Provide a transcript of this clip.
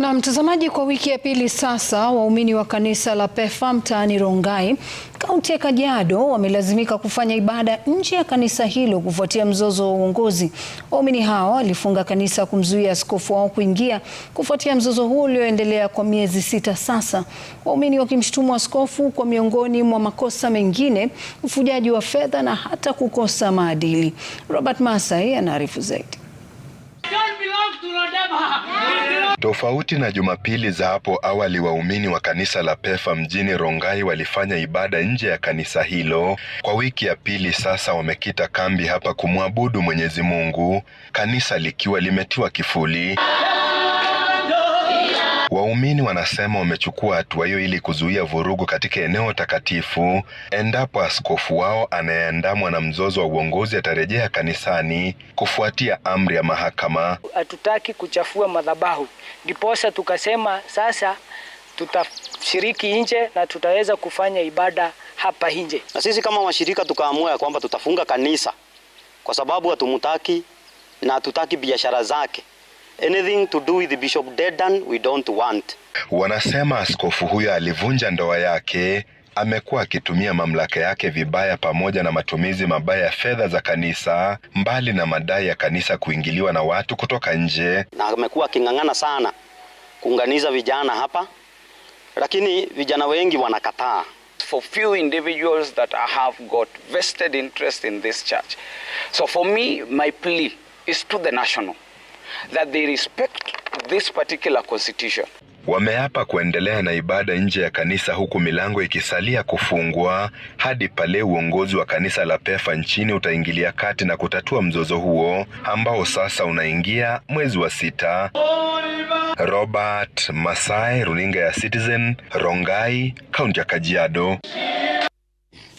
Na mtazamaji, kwa wiki ya pili sasa, waumini wa kanisa la pefa mtaani Rongai, kaunti ya Kajiado wamelazimika kufanya ibada nje ya kanisa hilo kufuatia mzozo wa uongozi. Waumini hao walifunga kanisa kumzuia askofu wao kuingia kufuatia mzozo huo ulioendelea kwa miezi sita sasa, waumini wakimshutumu askofu kwa miongoni mwa makosa mengine, ufujaji wa fedha na hata kukosa maadili. Robert Masai anaarifu zaidi. Tofauti na Jumapili za hapo awali, waumini wa kanisa la Pefa mjini Rongai walifanya ibada nje ya kanisa hilo. Kwa wiki ya pili sasa wamekita kambi hapa kumwabudu Mwenyezi Mungu, kanisa likiwa limetiwa kifuli. Waumini wanasema wamechukua hatua hiyo ili kuzuia vurugu katika eneo takatifu endapo askofu wao anayeandamwa na mzozo wa uongozi atarejea kanisani kufuatia amri ya mahakama. Hatutaki kuchafua madhabahu, ndiposa tukasema sasa tutashiriki nje na tutaweza kufanya ibada hapa nje, na sisi kama washirika tukaamua ya kwamba tutafunga kanisa kwa sababu hatumtaki na hatutaki biashara zake Anything to do with Bishop Dedan we don't want. Wanasema askofu huyo alivunja ndoa yake, amekuwa akitumia mamlaka yake vibaya pamoja na matumizi mabaya ya fedha za kanisa, mbali na madai ya kanisa kuingiliwa na watu kutoka nje, na amekuwa aking'ang'ana sana kuunganiza vijana hapa, lakini vijana wengi wanakataa. For few individuals that I have got vested interest in this church. So for me, my plea is to the national that they respect this particular constitution. Wameapa kuendelea na ibada nje ya kanisa huku milango ikisalia kufungwa hadi pale uongozi wa kanisa la PEFA nchini utaingilia kati na kutatua mzozo huo ambao sasa unaingia mwezi wa sita. Robert Masai, runinga ya Citizen, Rongai, kaunti ya Kajiado.